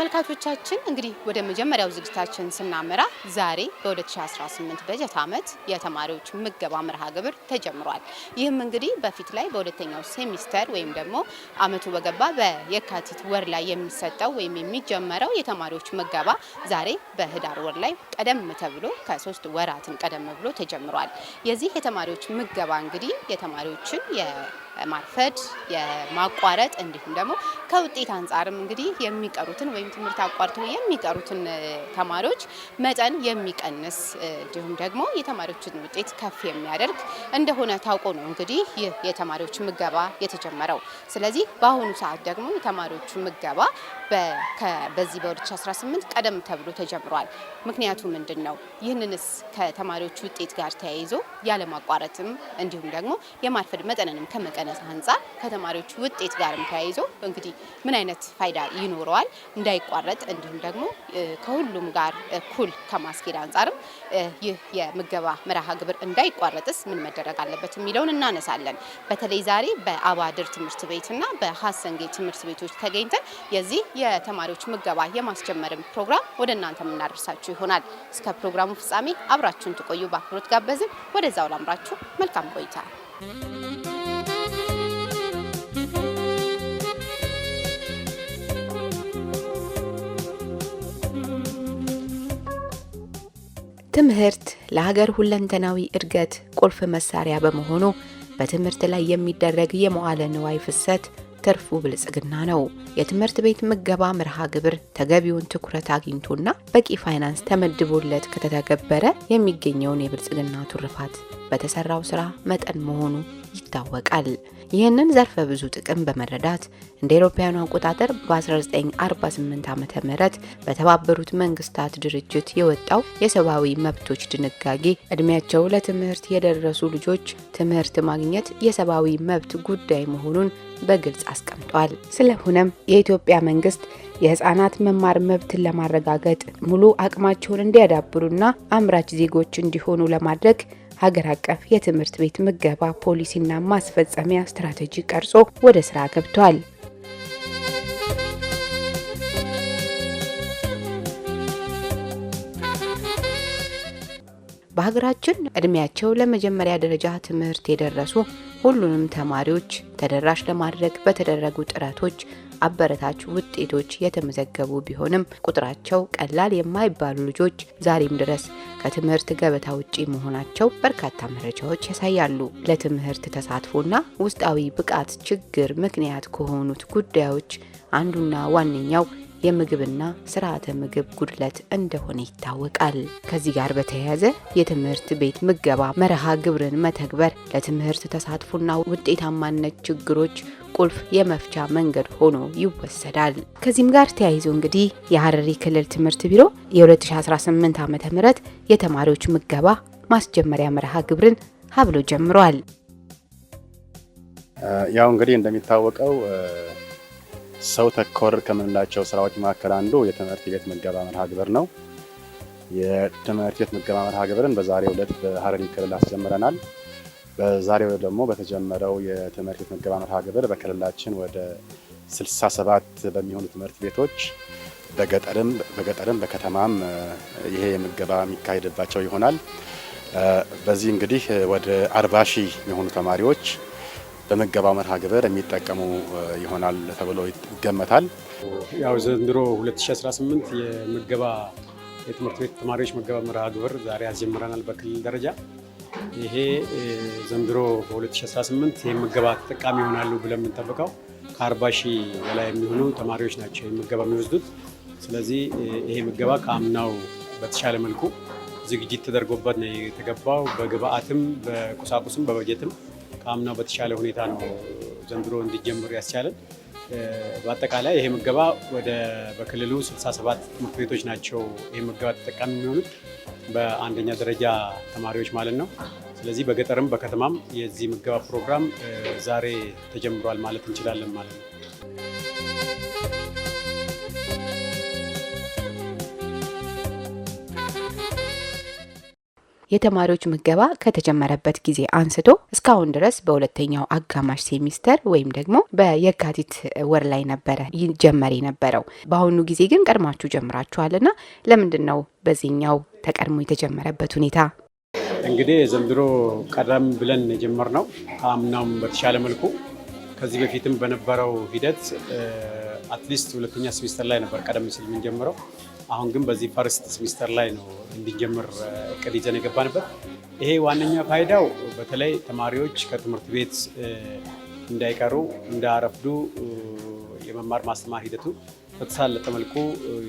ተመልካቾቻችን እንግዲህ ወደ መጀመሪያው ዝግጅታችን ስናመራ ዛሬ በ2018 በጀት ዓመት የተማሪዎች ምገባ መርሃ ግብር ተጀምሯል። ይህም እንግዲህ በፊት ላይ በሁለተኛው ሴሚስተር ወይም ደግሞ ዓመቱ በገባ በየካቲት ወር ላይ የሚሰጠው ወይም የሚጀመረው የተማሪዎች ምገባ ዛሬ በህዳር ወር ላይ ቀደም ተብሎ ከሶስት ወራትን ቀደም ብሎ ተጀምሯል። የዚህ የተማሪዎች ምገባ እንግዲህ የተማሪዎችን ማርፈድ፣ የማቋረጥ እንዲሁም ደግሞ ከውጤት አንጻርም እንግዲህ የሚቀሩትን ወይም ትምህርት አቋርጦ የሚቀሩትን ተማሪዎች መጠን የሚቀንስ እንዲሁም ደግሞ የተማሪዎችን ውጤት ከፍ የሚያደርግ እንደሆነ ታውቆ ነው እንግዲህ ይህ የተማሪዎች ምገባ የተጀመረው። ስለዚህ በአሁኑ ሰዓት ደግሞ የተማሪዎቹ ምገባ በዚህ በ2018 ቀደም ተብሎ ተጀምሯል። ምክንያቱ ምንድን ነው? ይህንንስ ከተማሪዎች ውጤት ጋር ተያይዞ ያለማቋረጥም እንዲሁም ደግሞ የማርፈድ መጠንንም ከመቀነስ አንጻር ከተማሪዎች ውጤት ጋርም ተያይዞ እንግዲህ ምን አይነት ፋይዳ ይኖረዋል እንዳይቋረጥ እንዲሁም ደግሞ ከሁሉም ጋር እኩል ከማስኬድ አንጻርም ይህ የምገባ መርሃ ግብር እንዳይቋረጥስ ምን መደረግ አለበት የሚለውን እናነሳለን። በተለይ ዛሬ በአባድር ትምህርት ቤትና በሀሰንጌ ትምህርት ቤቶች ተገኝተን የዚህ የተማሪዎች ምገባ የማስጀመር ፕሮግራም ወደ እናንተ የምናደርሳችሁ ይሆናል። እስከ ፕሮግራሙ ፍጻሜ አብራችሁን ትቆዩ በአክብሮት ጋበዝን። ወደዛው ላምራችሁ። መልካም ቆይታ። ትምህርት ለሀገር ሁለንተናዊ እድገት ቁልፍ መሳሪያ በመሆኑ በትምህርት ላይ የሚደረግ የመዋለ ንዋይ ፍሰት ትርፉ ብልጽግና ነው። የትምህርት ቤት ምገባ መርሃ ግብር ተገቢውን ትኩረት አግኝቶና በቂ ፋይናንስ ተመድቦለት ከተተገበረ የሚገኘውን የብልጽግና ቱርፋት በተሰራው ስራ መጠን መሆኑ ይታወቃል። ይህንን ዘርፈ ብዙ ጥቅም በመረዳት እንደ ኤሮፓውያኑ አቆጣጠር በ1948 ዓ ም በተባበሩት መንግስታት ድርጅት የወጣው የሰብአዊ መብቶች ድንጋጌ እድሜያቸው ለትምህርት የደረሱ ልጆች ትምህርት ማግኘት የሰብአዊ መብት ጉዳይ መሆኑን በግልጽ አስቀምጧል። ስለሆነም የኢትዮጵያ መንግስት የህፃናት መማር መብትን ለማረጋገጥ ሙሉ አቅማቸውን እንዲያዳብሩና አምራች ዜጎች እንዲሆኑ ለማድረግ ሀገር አቀፍ የትምህርት ቤት ምገባ ፖሊሲና ማስፈጸሚያ ስትራቴጂ ቀርጾ ወደ ስራ ገብቷል። በሀገራችን እድሜያቸው ለመጀመሪያ ደረጃ ትምህርት የደረሱ ሁሉንም ተማሪዎች ተደራሽ ለማድረግ በተደረጉ ጥረቶች አበረታች ውጤቶች የተመዘገቡ ቢሆንም ቁጥራቸው ቀላል የማይባሉ ልጆች ዛሬም ድረስ ከትምህርት ገበታ ውጪ መሆናቸው በርካታ መረጃዎች ያሳያሉ። ለትምህርት ተሳትፎና ውስጣዊ ብቃት ችግር ምክንያት ከሆኑት ጉዳዮች አንዱና ዋነኛው የምግብና ስርዓተ ምግብ ጉድለት እንደሆነ ይታወቃል። ከዚህ ጋር በተያያዘ የትምህርት ቤት ምገባ መርሃ ግብርን መተግበር ለትምህርት ተሳትፎና ውጤታማነት ችግሮች ቁልፍ የመፍቻ መንገድ ሆኖ ይወሰዳል። ከዚህም ጋር ተያይዞ እንግዲህ የሀረሪ ክልል ትምህርት ቢሮ የ2018 ዓ ም የተማሪዎች ምገባ ማስጀመሪያ መርሃ ግብርን ሀብሎ ጀምሯል። ያው እንግዲህ እንደሚታወቀው ሰው ተኮር ከምንላቸው ስራዎች መካከል አንዱ የትምህርት ቤት ምገባ መርሃ ግብር ነው። የትምህርት ቤት ምገባ መርሃ ግብርን በዛሬው ዕለት በሀረሪ ክልል አስጀምረናል። በዛሬው ዕለት ደግሞ በተጀመረው የትምህርት ቤት ምገባ መርሃ ግብር በክልላችን ወደ 67 በሚሆኑ ትምህርት ቤቶች በገጠርም በከተማም ይሄ ምገባ የሚካሄድባቸው ይሆናል። በዚህ እንግዲህ ወደ 40 ሺህ የሆኑ ተማሪዎች በምገባ መርሃ ግብር የሚጠቀሙ ይሆናል ተብሎ ይገመታል። ያው ዘንድሮ 2018 የምገባ የትምህርት ቤት ተማሪዎች ምገባ መርሃ ግብር ዛሬ አስጀምረናል በክልል ደረጃ። ይሄ ዘንድሮ በ2018 የምገባ ተጠቃሚ ይሆናሉ ብለን የምንጠብቀው ከ40 ሺህ በላይ የሚሆኑ ተማሪዎች ናቸው የምገባ የሚወስዱት። ስለዚህ ይሄ ምገባ ከአምናው በተሻለ መልኩ ዝግጅት ተደርጎበት ነው የተገባው። በግብአትም፣ በቁሳቁስም፣ በበጀትም ከአምናው በተሻለ ሁኔታ ነው ዘንድሮ እንዲጀምር ያስቻለን። በአጠቃላይ ይሄ ምገባ ወደ በክልሉ 67 ትምህርት ቤቶች ናቸው ይሄ ምገባ ተጠቃሚ የሚሆኑት በአንደኛ ደረጃ ተማሪዎች ማለት ነው። ስለዚህ በገጠርም በከተማም የዚህ ምገባ ፕሮግራም ዛሬ ተጀምሯል ማለት እንችላለን ማለት ነው። የተማሪዎች ምገባ ከተጀመረበት ጊዜ አንስቶ እስካሁን ድረስ በሁለተኛው አጋማሽ ሴሚስተር ወይም ደግሞ በየካቲት ወር ላይ ነበረ ይጀመር የነበረው። በአሁኑ ጊዜ ግን ቀድማችሁ ጀምራችኋልና ለምንድን ነው በዚህኛው ተቀድሞ የተጀመረበት ሁኔታ? እንግዲህ ዘንድሮ ቀደም ብለን ነው አምናም በተሻለ መልኩ ከዚህ በፊትም በነበረው ሂደት አትሊስት ሁለተኛ ሴሚስተር ላይ ነበር ቀደም ሲል የምንጀምረው። አሁን ግን በዚህ ፈርስት ሴሚስተር ላይ ነው እንዲጀምር እቅድ ይዘን የገባንበት። ይሄ ዋነኛ ፋይዳው በተለይ ተማሪዎች ከትምህርት ቤት እንዳይቀሩ እንዳረፍዱ የመማር ማስተማር ሂደቱ በተሳለጠ መልኩ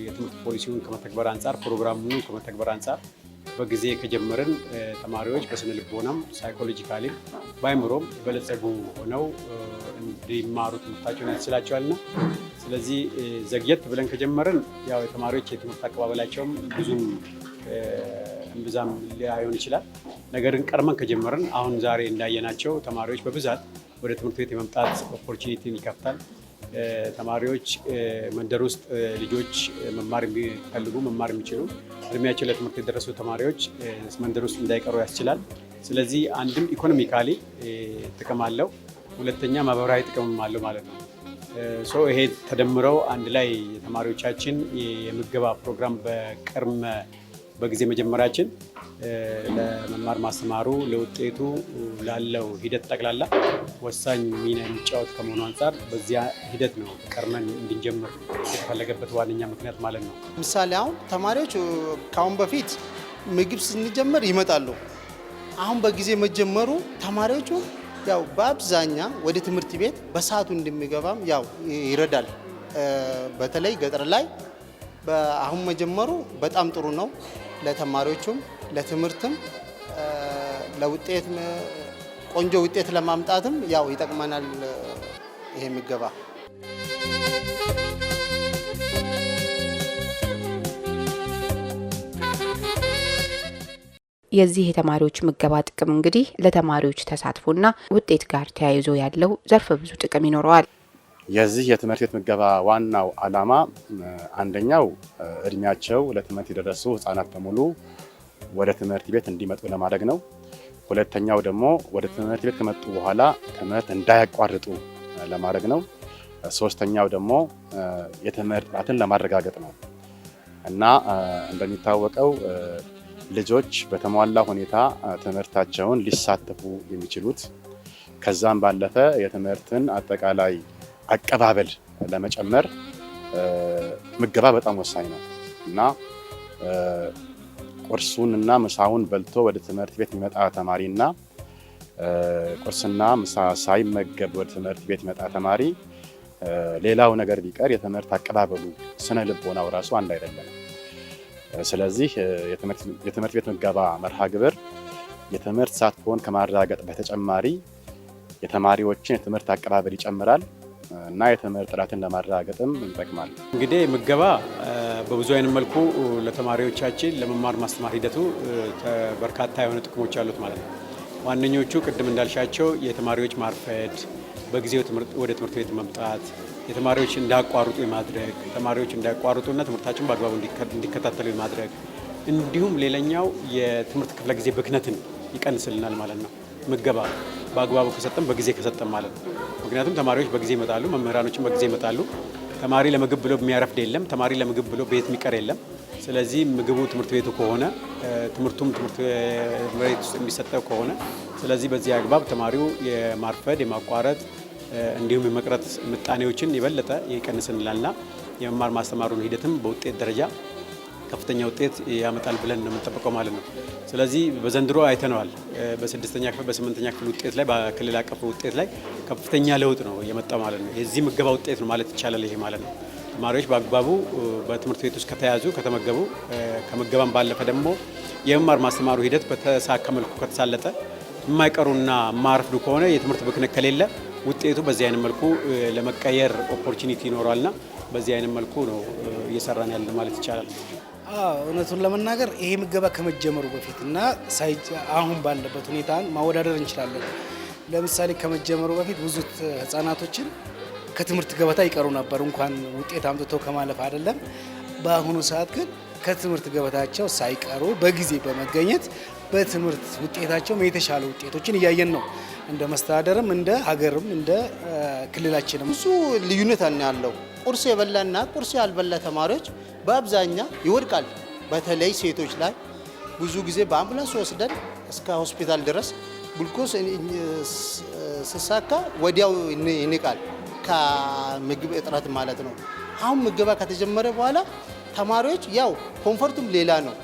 የትምህርት ፖሊሲውን ከመተግበር አንጻር ፕሮግራሙን ከመተግበር አንጻር በጊዜ ከጀመርን ተማሪዎች በስነ ልቦናም ሳይኮሎጂካሊም በአይምሮም በለጸጉ ሆነው እንዲማሩት ትምህርታቸውን ያስችላቸዋልና ስለዚህ ዘግየት ብለን ከጀመርን ያው የተማሪዎች የትምህርት አቀባበላቸውም ብዙም እምብዛም ሊሆን ይችላል። ነገርን ቀድመን ከጀመርን አሁን ዛሬ እንዳየናቸው ተማሪዎች በብዛት ወደ ትምህርት ቤት የመምጣት ኦፖርቹኒቲን ይከፍታል። ተማሪዎች መንደር ውስጥ ልጆች መማር የሚፈልጉ መማር የሚችሉ እድሜያቸው ለትምህርት የደረሱ ተማሪዎች መንደር ውስጥ እንዳይቀሩ ያስችላል። ስለዚህ አንድም ኢኮኖሚካሊ ጥቅም አለው፣ ሁለተኛ ማህበራዊ ጥቅምም አለው ማለት ነው። ይሄ ተደምረው አንድ ላይ የተማሪዎቻችን የምገባ ፕሮግራም በቅርም በጊዜ መጀመራችን ለመማር ማስተማሩ ለውጤቱ ላለው ሂደት ጠቅላላ ወሳኝ ሚና የሚጫወት ከመሆኑ አንጻር በዚያ ሂደት ነው ቀርመን እንድንጀምር የተፈለገበት ዋነኛ ምክንያት ማለት ነው። ምሳሌ አሁን ተማሪዎች ከአሁን በፊት ምግብ ስንጀምር ይመጣሉ። አሁን በጊዜ መጀመሩ ተማሪዎቹ ያው በአብዛኛ ወደ ትምህርት ቤት በሰዓቱ እንደሚገባም ያው ይረዳል። በተለይ ገጠር ላይ አሁን መጀመሩ በጣም ጥሩ ነው ለተማሪዎቹም ለትምህርትም ለውጤት ቆንጆ ውጤት ለማምጣትም ያው ይጠቅመናል ይሄ ምገባ። የዚህ የተማሪዎች ምገባ ጥቅም እንግዲህ ለተማሪዎች ተሳትፎና ውጤት ጋር ተያይዞ ያለው ዘርፈ ብዙ ጥቅም ይኖረዋል። የዚህ የትምህርት ቤት ምገባ ዋናው ዓላማ አንደኛው እድሜያቸው ለትምህርት የደረሱ ህጻናት በሙሉ ወደ ትምህርት ቤት እንዲመጡ ለማድረግ ነው። ሁለተኛው ደግሞ ወደ ትምህርት ቤት ከመጡ በኋላ ትምህርት እንዳያቋርጡ ለማድረግ ነው። ሶስተኛው ደግሞ የትምህርት ጥራትን ለማረጋገጥ ነው እና እንደሚታወቀው ልጆች በተሟላ ሁኔታ ትምህርታቸውን ሊሳተፉ የሚችሉት ከዛም ባለፈ የትምህርትን አጠቃላይ አቀባበል ለመጨመር ምገባ በጣም ወሳኝ ነው እና ቁርሱን እና ምሳውን በልቶ ወደ ትምህርት ቤት የሚመጣ ተማሪና ቁርስና ምሳ ሳይመገብ ወደ ትምህርት ቤት የሚመጣ ተማሪ ሌላው ነገር ቢቀር የትምህርት አቀባበሉ ስነ ልቦናው ራሱ አንድ አይደለም። ስለዚህ የትምህርት ቤት ምገባ መርሃ ግብር የትምህርት ተሳትፎን ከማረጋገጥ በተጨማሪ የተማሪዎችን የትምህርት አቀባበል ይጨምራል እና የትምህርት ጥራትን ለማረጋገጥም እንጠቅማል። እንግዲህ ምገባ በብዙ አይነት መልኩ ለተማሪዎቻችን ለመማር ማስተማር ሂደቱ በርካታ የሆነ ጥቅሞች አሉት ማለት ነው። ዋነኞቹ ቅድም እንዳልሻቸው የተማሪዎች ማርፈድ፣ በጊዜው ወደ ትምህርት ቤት መምጣት፣ የተማሪዎች እንዳያቋርጡ የማድረግ ተማሪዎች እንዳያቋርጡና ትምህርታቸውን በአግባቡ እንዲከታተሉ የማድረግ እንዲሁም ሌላኛው የትምህርት ክፍለ ጊዜ ብክነትን ይቀንስልናል ማለት ነው። ምገባ በአግባቡ ከሰጠም በጊዜ ከሰጠም ማለት ነው። ምክንያቱም ተማሪዎች በጊዜ ይመጣሉ፣ መምህራኖችን በጊዜ ይመጣሉ። ተማሪ ለምግብ ብሎ የሚያረፍድ የለም። ተማሪ ለምግብ ብሎ ቤት የሚቀር የለም። ስለዚህ ምግቡ ትምህርት ቤቱ ከሆነ ትምህርቱም ትምህርት ቤት ውስጥ የሚሰጠው ከሆነ ስለዚህ በዚህ አግባብ ተማሪው የማርፈድ የማቋረጥ እንዲሁም የመቅረት ምጣኔዎችን የበለጠ ይቀንስልናልና የመማር ማስተማሩን ሂደትም በውጤት ደረጃ ከፍተኛ ውጤት ያመጣል ብለን ነው የምንጠብቀው ማለት ነው። ስለዚህ በዘንድሮ አይተነዋል። በስድስተኛ ክፍል በስምንተኛ ክፍል ውጤት ላይ በክልል አቀፍ ውጤት ላይ ከፍተኛ ለውጥ ነው የመጣ ማለት ነው። የዚህ ምገባ ውጤት ነው ማለት ይቻላል ይሄ ማለት ነው። ተማሪዎች በአግባቡ በትምህርት ቤት ውስጥ ከተያዙ ከተመገቡ፣ ከመገባም ባለፈ ደግሞ የመማር ማስተማሩ ሂደት በተሳካ መልኩ ከተሳለጠ የማይቀሩና የማያረፍዱ ከሆነ የትምህርት ብክነት ከሌለ ውጤቱ በዚህ አይነት መልኩ ለመቀየር ኦፖርቹኒቲ ይኖራልና በዚህ አይነት መልኩ ነው እየሰራን ያለ ማለት ይቻላል። እውነቱን ለመናገር ይሄ ምገባ ከመጀመሩ በፊት እና አሁን ባለበት ሁኔታ ማወዳደር እንችላለን። ለምሳሌ ከመጀመሩ በፊት ብዙ ህጻናቶችን ከትምህርት ገበታ ይቀሩ ነበር፣ እንኳን ውጤት አምጥቶ ከማለፍ አይደለም። በአሁኑ ሰዓት ግን ከትምህርት ገበታቸው ሳይቀሩ በጊዜ በመገኘት በትምህርት ውጤታቸው የተሻለ ውጤቶችን እያየን ነው። እንደ መስተዳደርም እንደ ሀገርም እንደ ክልላችንም ብዙ ልዩነት ያለው ቁርስ የበላና ቁርስ ያልበላ ተማሪዎች በአብዛኛ ይወድቃል። በተለይ ሴቶች ላይ ብዙ ጊዜ በአምቡላንስ ወስደን እስከ ሆስፒታል ድረስ ግሉኮስ ስሳካ ወዲያው ይንቃል። ከምግብ እጥረት ማለት ነው። አሁን ምገባ ከተጀመረ በኋላ ተማሪዎች ያው ኮንፈርቱም ሌላ ነው።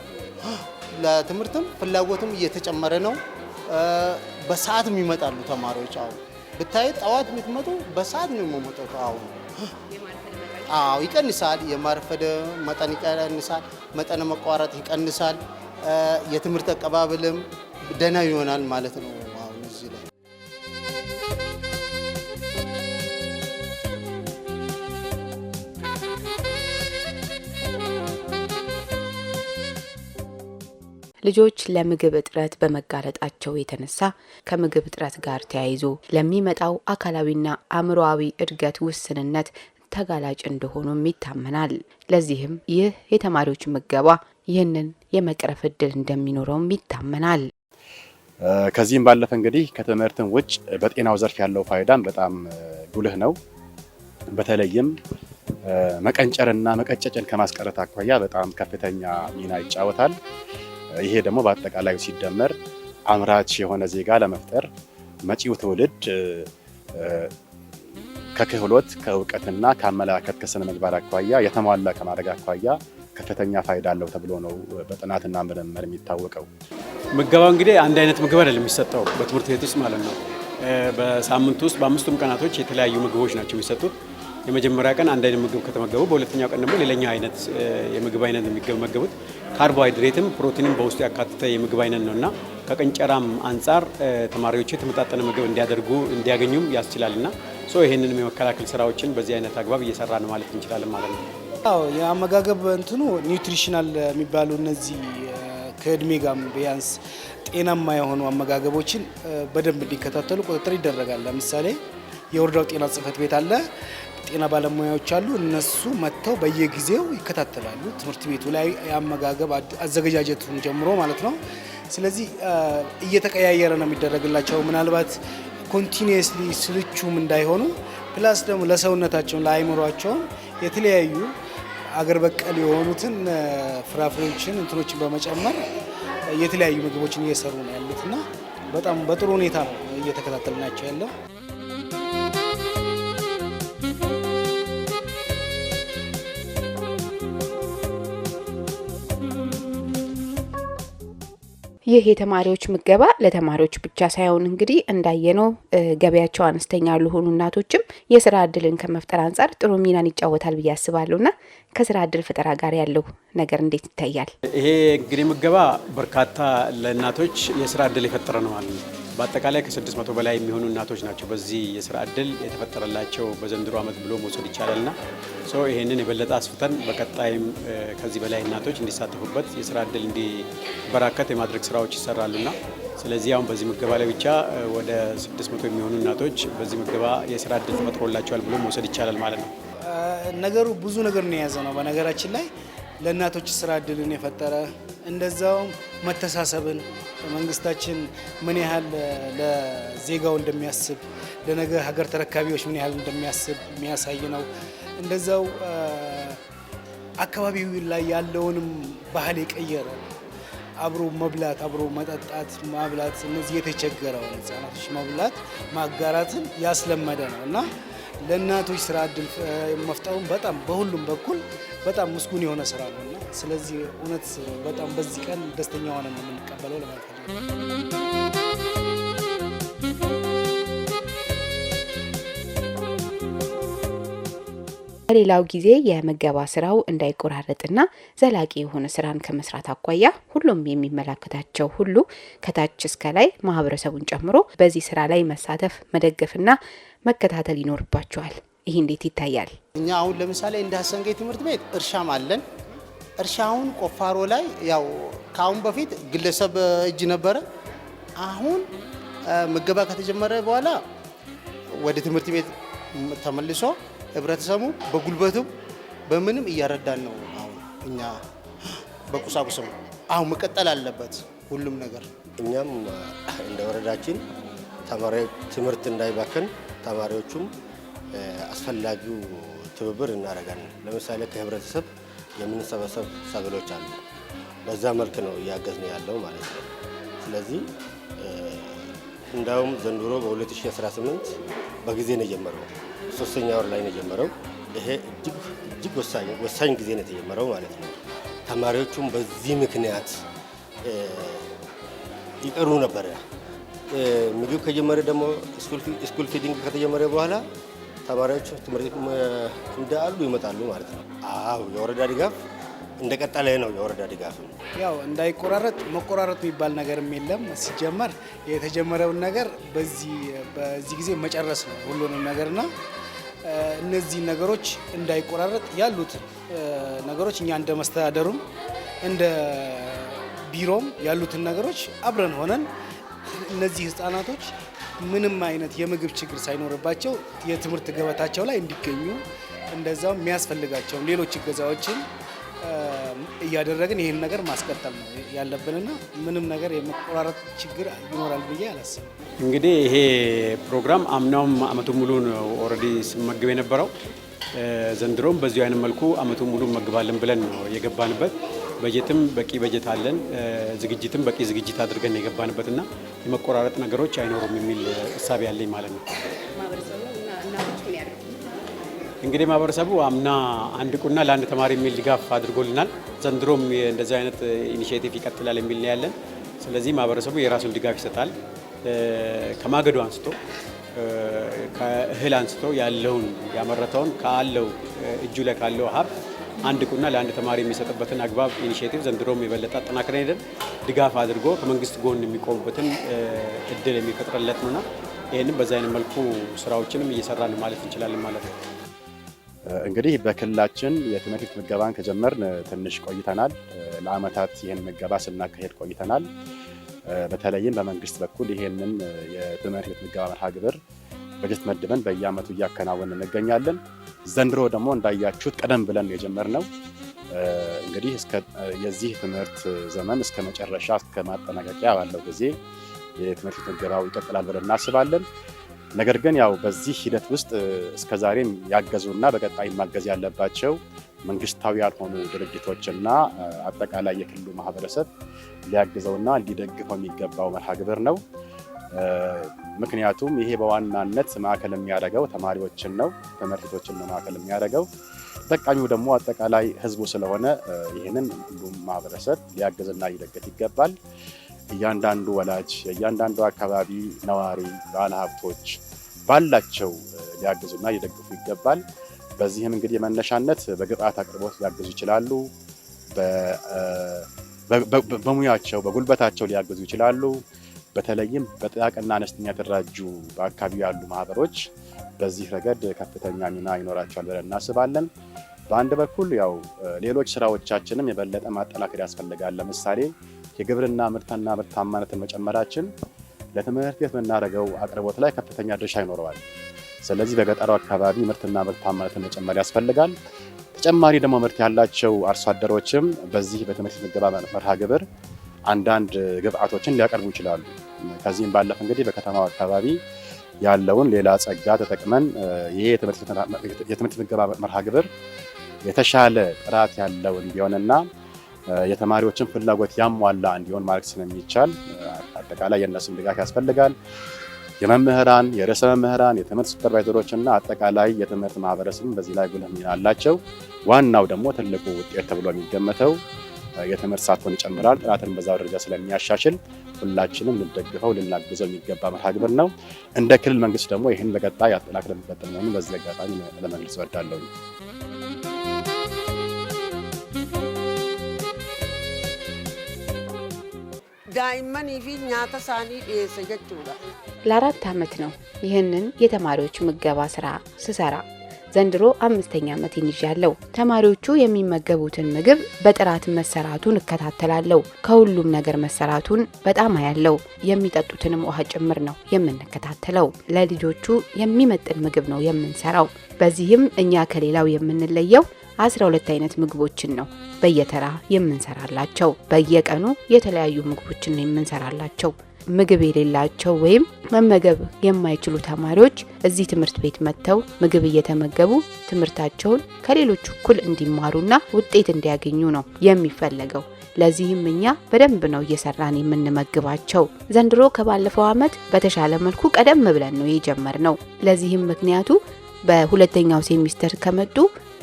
ለትምህርትም ፍላጎትም እየተጨመረ ነው። በሰዓትም ይመጣሉ ተማሪዎች። አሁን ብታይ ጠዋት የምትመጡ በሰዓት ነው የሚመጡት አሁን አዎ ይቀንሳል። የማርፈድ መጠን ይቀንሳል። መጠን መቋረጥ ይቀንሳል። የትምህርት አቀባበልም ደህና ይሆናል ማለት ነው። አሁን እዚህ ላይ ልጆች ለምግብ እጥረት በመጋለጣቸው የተነሳ ከምግብ እጥረት ጋር ተያይዞ ለሚመጣው አካላዊና አእምሮዊ እድገት ውስንነት ተጋላጭ እንደሆኑም ይታመናል። ለዚህም ይህ የተማሪዎች ምገባ ይህንን የመቅረፍ እድል እንደሚኖረውም ይታመናል። ከዚህም ባለፈ እንግዲህ ከትምህርትን ውጭ በጤናው ዘርፍ ያለው ፋይዳም በጣም ጉልህ ነው። በተለይም መቀንጨርና መቀጨጭን ከማስቀረት አኳያ በጣም ከፍተኛ ሚና ይጫወታል። ይሄ ደግሞ በአጠቃላይ ሲደመር አምራች የሆነ ዜጋ ለመፍጠር መጪው ትውልድ ከክህሎት ከእውቀትና ከአመለካከት ከስነ ምግባር አኳያ የተሟላ ከማድረግ አኳያ ከፍተኛ ፋይዳ አለው ተብሎ ነው በጥናትና ምርምር የሚታወቀው። ምገባው እንግዲህ አንድ አይነት ምግብ አይደለም የሚሰጠው በትምህርት ቤት ውስጥ ማለት ነው። በሳምንት ውስጥ በአምስቱም ቀናቶች የተለያዩ ምግቦች ናቸው የሚሰጡት። የመጀመሪያ ቀን አንድ አይነት ምግብ ከተመገቡ፣ በሁለተኛው ቀን ደግሞ ሌላኛው አይነት የምግብ አይነት ነው የሚመገቡት። ካርቦሃይድሬትም ፕሮቲንም በውስጡ ያካተተ የምግብ አይነት ነው እና ከቅንጨራም አንጻር ተማሪዎች የተመጣጠነ ምግብ እንዲያደርጉ እንዲያገኙም ያስችላልና ይህንን የመከላከል ስራዎችን በዚህ አይነት አግባብ እየሰራ ነው ማለት እንችላለን ማለት ነው። አዎ የአመጋገብ እንትኑ ኒውትሪሽናል የሚባሉ እነዚህ ከእድሜ ጋም ቢያንስ ጤናማ የሆኑ አመጋገቦችን በደንብ እንዲከታተሉ ቁጥጥር ይደረጋል። ለምሳሌ የወረዳው ጤና ጽህፈት ቤት አለ፣ ጤና ባለሙያዎች አሉ። እነሱ መጥተው በየጊዜው ይከታተላሉ። ትምህርት ቤቱ ላይ የአመጋገብ አዘገጃጀቱን ጀምሮ ማለት ነው ስለዚህ እየተቀያየረ ነው የሚደረግላቸው ምናልባት ኮንቲኒየስሊ ስልቹም እንዳይሆኑ ፕላስ ደግሞ ለሰውነታቸውን ለአይምሯቸውን የተለያዩ አገር በቀል የሆኑትን ፍራፍሬዎችን እንትኖችን በመጨመር የተለያዩ ምግቦችን እየሰሩ ነው ያሉት እና በጣም በጥሩ ሁኔታ ነው እየተከታተልናቸው ያለው። ይህ የተማሪዎች ምገባ ለተማሪዎች ብቻ ሳይሆን እንግዲህ እንዳየነው ገበያቸው አነስተኛ ለሆኑ እናቶችም የስራ እድልን ከመፍጠር አንጻር ጥሩ ሚናን ይጫወታል ብዬ አስባለሁ እና ከስራ እድል ፈጠራ ጋር ያለው ነገር እንዴት ይታያል? ይሄ እንግዲህ ምገባ በርካታ ለእናቶች የስራ እድል የፈጠረ ነው ማለት ነው። በአጠቃላይ ከ600 በላይ የሚሆኑ እናቶች ናቸው በዚህ የስራ እድል የተፈጠረላቸው በዘንድሮ ዓመት ብሎ መውሰድ ይቻላል። ሰው ይህንን የበለጠ አስፍተን በቀጣይም ከዚህ በላይ እናቶች እንዲሳተፉበት የስራ እድል እንዲበራከት የማድረግ ስራዎች ይሰራሉና ስለዚህ አሁን በዚህ ምገባ ላይ ብቻ ወደ 600 የሚሆኑ እናቶች በዚህ ምገባ የስራ እድል ተፈጥሮላቸዋል ብሎ መውሰድ ይቻላል ማለት ነው። ነገሩ ብዙ ነገር ነው የያዘ ነው በነገራችን ላይ ለእናቶች ስራ እድልን የፈጠረ እንደዛውም መተሳሰብን መንግስታችን ምን ያህል ለዜጋው እንደሚያስብ ለነገ ሀገር ተረካቢዎች ምን ያህል እንደሚያስብ የሚያሳይ ነው። እንደዛው አካባቢው ላይ ያለውንም ባህል የቀየረ አብሮ መብላት፣ አብሮ መጠጣት፣ ማብላት እነዚህ የተቸገረውን ህጻናቶች መብላት ማጋራትን ያስለመደ ነው እና ለእናቶች ስራ እድል መፍጠሩን በጣም በሁሉም በኩል በጣም ምስጉን የሆነ ስራ ነው እና ስለዚህ እውነት በጣም በዚህ ቀን ደስተኛ ሆነ ነው የምንቀበለው ለማለት በሌላው ጊዜ የምገባ ስራው እንዳይቆራረጥና ዘላቂ የሆነ ስራን ከመስራት አኳያ ሁሉም የሚመለከታቸው ሁሉ ከታች እስከ ላይ ማህበረሰቡን ጨምሮ በዚህ ስራ ላይ መሳተፍ መደገፍና መከታተል ይኖርባቸዋል። ይሄ እንዴት ይታያል? እኛ አሁን ለምሳሌ እንደ ሀሰንገይ ትምህርት ቤት እርሻም አለን። እርሻውን ቆፋሮ ላይ ያው ከአሁን በፊት ግለሰብ እጅ ነበረ። አሁን ምገባ ከተጀመረ በኋላ ወደ ትምህርት ቤት ተመልሶ ህብረተሰቡ በጉልበቱም በምንም እያረዳን ነው። አሁን እኛ በቁሳቁስም አሁን መቀጠል አለበት ሁሉም ነገር። እኛም እንደ ወረዳችን ተማሪዎች ትምህርት እንዳይባክን ተማሪዎቹም አስፈላጊው ትብብር እናደርጋለን። ለምሳሌ ከህብረተሰብ የምንሰበሰብ ሰብሎች አሉ። በዛ መልክ ነው ነው ያለው ማለት ነው። ስለዚህ እንዳውም ዘንድሮ በ2018 በጊዜ ነው የጀመረው፣ ሶስተኛ ወር ላይ ነው የጀመረው። ይሄ እጅግ እጅግ ወሳኝ ጊዜ ነው የተጀመረው ማለት ነው። ተማሪዎቹም በዚህ ምክንያት ይቀሩ ነበረ። ምግብ ከጀመረ ደግሞ ስኩል ፊዲንግ ከተጀመረ በኋላ ተማሪዎች ትምህርት እንዳሉ ይመጣሉ ማለት ነው። አዎ የወረዳ ድጋፍ እንደቀጠለ ነው። የወረዳ ድጋፍ ያው እንዳይቆራረጥ መቆራረጥ የሚባል ነገርም የለም። ሲጀመር የተጀመረውን ነገር በዚህ ጊዜ መጨረስ ነው ሁሉንም ነገርና እነዚህ ነገሮች እንዳይቆራረጥ ያሉት ነገሮች እኛ እንደ መስተዳደሩም እንደ ቢሮም ያሉትን ነገሮች አብረን ሆነን እነዚህ ህጻናቶች ምንም አይነት የምግብ ችግር ሳይኖርባቸው የትምህርት ገበታቸው ላይ እንዲገኙ እንደዛው የሚያስፈልጋቸውን ሌሎች እገዛዎችን እያደረግን ይህን ነገር ማስቀጠል ነው ያለብንና ምንም ነገር የመቆራረጥ ችግር ይኖራል ብዬ አላስብም። እንግዲህ ይሄ ፕሮግራም አምናውም አመቱ ሙሉን ኦልሬዲ ስመግብ የነበረው ዘንድሮም በዚሁ አይነት መልኩ አመቱ ሙሉ እንመግባለን ብለን ነው የገባንበት። በጀትም በቂ በጀት አለን፣ ዝግጅትም በቂ ዝግጅት አድርገን የገባንበትና የመቆራረጥ ነገሮች አይኖሩም የሚል እሳቤ ያለኝ ማለት ነው። እንግዲህ ማህበረሰቡ አምና አንድ ቁና ለአንድ ተማሪ የሚል ድጋፍ አድርጎልናል። ዘንድሮም እንደዚህ አይነት ኢኒሽቲቭ ይቀጥላል የሚል ነው ያለን። ስለዚህ ማህበረሰቡ የራሱን ድጋፍ ይሰጣል። ከማገዶ አንስቶ ከእህል አንስቶ ያለውን ያመረተውን ካለው እጁ ላይ ካለው ሀብት አንድ ቁና ለአንድ ተማሪ የሚሰጥበትን አግባብ ኢኒሽቲቭ ዘንድሮም የበለጠ አጠናክረን ሄደን ድጋፍ አድርጎ ከመንግስት ጎን የሚቆሙበትን እድል የሚፈጥርለት ነውና ይህንም በዚ አይነት መልኩ ስራዎችንም እየሰራን ማለት እንችላለን ማለት ነው። እንግዲህ በክልላችን የትምህርት ቤት ምገባን ከጀመርን ትንሽ ቆይተናል። ለአመታት ይህን ምገባ ስናካሄድ ቆይተናል። በተለይም በመንግስት በኩል ይህንን የትምህርት ቤት ምገባ መርሃ ግብር በጀት መድበን በየአመቱ እያከናወን እንገኛለን። ዘንድሮ ደግሞ እንዳያችሁት ቀደም ብለን የጀመርነው እንግዲህ የዚህ ትምህርት ዘመን እስከ መጨረሻ እስከ ማጠናቀቂያ ባለው ጊዜ የትምህርት ምገባው ይቀጥላል ብለን እናስባለን። ነገር ግን ያው በዚህ ሂደት ውስጥ እስከዛሬም ያገዙና በቀጣይ ማገዝ ያለባቸው መንግስታዊ ያልሆኑ ድርጅቶችና አጠቃላይ የክልሉ ማህበረሰብ ሊያግዘውና ሊደግፈው የሚገባው መርሃ ግብር ነው። ምክንያቱም ይሄ በዋናነት ማዕከል የሚያደርገው ተማሪዎችን ነው፣ ትምህርት ቤቶችን ነው ማዕከል የሚያደርገው። ተጠቃሚው ደግሞ አጠቃላይ ህዝቡ ስለሆነ ይህንን ሁሉም ማህበረሰብ ሊያግዝና ሊደግፍ ይገባል። እያንዳንዱ ወላጅ፣ እያንዳንዱ አካባቢ ነዋሪ፣ ባለሀብቶች ባላቸው ሊያግዙና ሊደግፉ ይገባል። በዚህም እንግዲህ መነሻነት በግብአት አቅርቦት ሊያግዙ ይችላሉ። በሙያቸው በጉልበታቸው ሊያግዙ ይችላሉ። በተለይም በጥቃቅንና አነስተኛ የተደራጁ በአካባቢው ያሉ ማህበሮች በዚህ ረገድ ከፍተኛ ሚና ይኖራቸዋል ብለን እናስባለን። በአንድ በኩል ያው ሌሎች ስራዎቻችንም የበለጠ ማጠናከር ያስፈልጋል። ለምሳሌ የግብርና ምርትና ምርታማነትን መጨመራችን ለትምህርት ቤት የምናደርገው አቅርቦት ላይ ከፍተኛ ድርሻ ይኖረዋል። ስለዚህ በገጠሩ አካባቢ ምርትና ምርታማነትን መጨመር ያስፈልጋል። ተጨማሪ ደግሞ ምርት ያላቸው አርሶ አደሮችም በዚህ በትምህርት ምገባ መርሃ ግብር አንዳንድ ግብአቶችን ሊያቀርቡ ይችላሉ። ከዚህም ባለፈ እንግዲህ በከተማው አካባቢ ያለውን ሌላ ጸጋ ተጠቅመን ይህ የትምህርት ምገባ መርሃ ግብር የተሻለ ጥራት ያለው እንዲሆንና የተማሪዎችን ፍላጎት ያሟላ እንዲሆን ማድረግ ስለሚቻል አጠቃላይ የእነሱም ድጋፍ ያስፈልጋል። የመምህራን የርዕሰ መምህራን፣ የትምህርት ሱፐርቫይዘሮች እና አጠቃላይ የትምህርት ማህበረሰብ በዚህ ላይ ጉልህ ሚና አላቸው። ዋናው ደግሞ ትልቁ ውጤት ተብሎ የሚገመተው የተመድ ተሳትፎን ይጨምራል። ጥራትን በዛው ደረጃ ስለሚያሻሽል ሁላችንም ልንደግፈው ልናግዘው የሚገባ መርሃ ግብር ነው። እንደ ክልል መንግስት ደግሞ ይህን በቀጣይ አጠናክረን የሚቀጥል መሆኑን በዚህ አጋጣሚ ለመግለጽ እወዳለሁ። ዳይመኒ ፊ ኛታ ሳኒ ዴሰ ለአራት ዓመት ነው ይህንን የተማሪዎች ምገባ ስራ ስሰራ ዘንድሮ አምስተኛ ዓመቴን ይዣለሁ። ተማሪዎቹ የሚመገቡትን ምግብ በጥራት መሰራቱን እከታተላለሁ። ከሁሉም ነገር መሰራቱን በጣም አያለው። የሚጠጡትንም ውሃ ጭምር ነው የምንከታተለው። ለልጆቹ የሚመጥን ምግብ ነው የምንሰራው። በዚህም እኛ ከሌላው የምንለየው አስራ ሁለት አይነት ምግቦችን ነው በየተራ የምንሰራላቸው። በየቀኑ የተለያዩ ምግቦችን ነው የምንሰራላቸው። ምግብ የሌላቸው ወይም መመገብ የማይችሉ ተማሪዎች እዚህ ትምህርት ቤት መጥተው ምግብ እየተመገቡ ትምህርታቸውን ከሌሎች እኩል እንዲማሩና ውጤት እንዲያገኙ ነው የሚፈለገው። ለዚህም እኛ በደንብ ነው እየሰራን የምንመግባቸው። ዘንድሮ ከባለፈው ዓመት በተሻለ መልኩ ቀደም ብለን ነው የጀመርነው። ለዚህም ምክንያቱ በሁለተኛው ሴሚስተር ከመጡ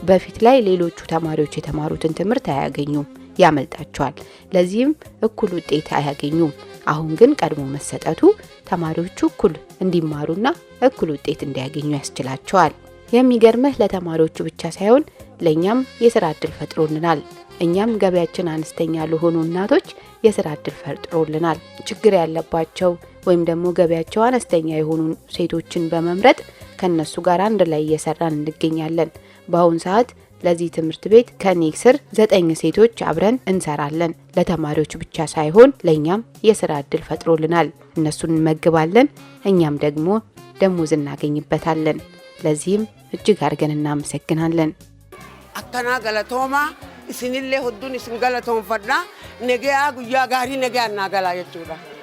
በፊት ላይ ሌሎቹ ተማሪዎች የተማሩትን ትምህርት አያገኙም፣ ያመልጣቸዋል። ለዚህም እኩል ውጤት አያገኙም። አሁን ግን ቀድሞ መሰጠቱ ተማሪዎቹ እኩል እንዲማሩና እኩል ውጤት እንዲያገኙ ያስችላቸዋል። የሚገርምህ ለተማሪዎቹ ብቻ ሳይሆን ለእኛም የስራ እድል ፈጥሮልናል። እኛም ገበያችን አነስተኛ ለሆኑ እናቶች የስራ እድል ፈጥሮልናል። ችግር ያለባቸው ወይም ደግሞ ገበያቸው አነስተኛ የሆኑ ሴቶችን በመምረጥ ከነሱ ጋር አንድ ላይ እየሰራን እንገኛለን። በአሁን ሰዓት ለዚህ ትምህርት ቤት ከኔ ስር ዘጠኝ ሴቶች አብረን እንሰራለን። ለተማሪዎች ብቻ ሳይሆን ለእኛም የስራ እድል ፈጥሮልናል። እነሱን እንመግባለን፣ እኛም ደግሞ ደሞዝ እናገኝበታለን። ለዚህም እጅግ አድርገን እናመሰግናለን። አከና ገለቶማ እስንሌ ሁዱን እስን ገለቶን ነገያ ጉያ ጋሪ ነገያ እናገላ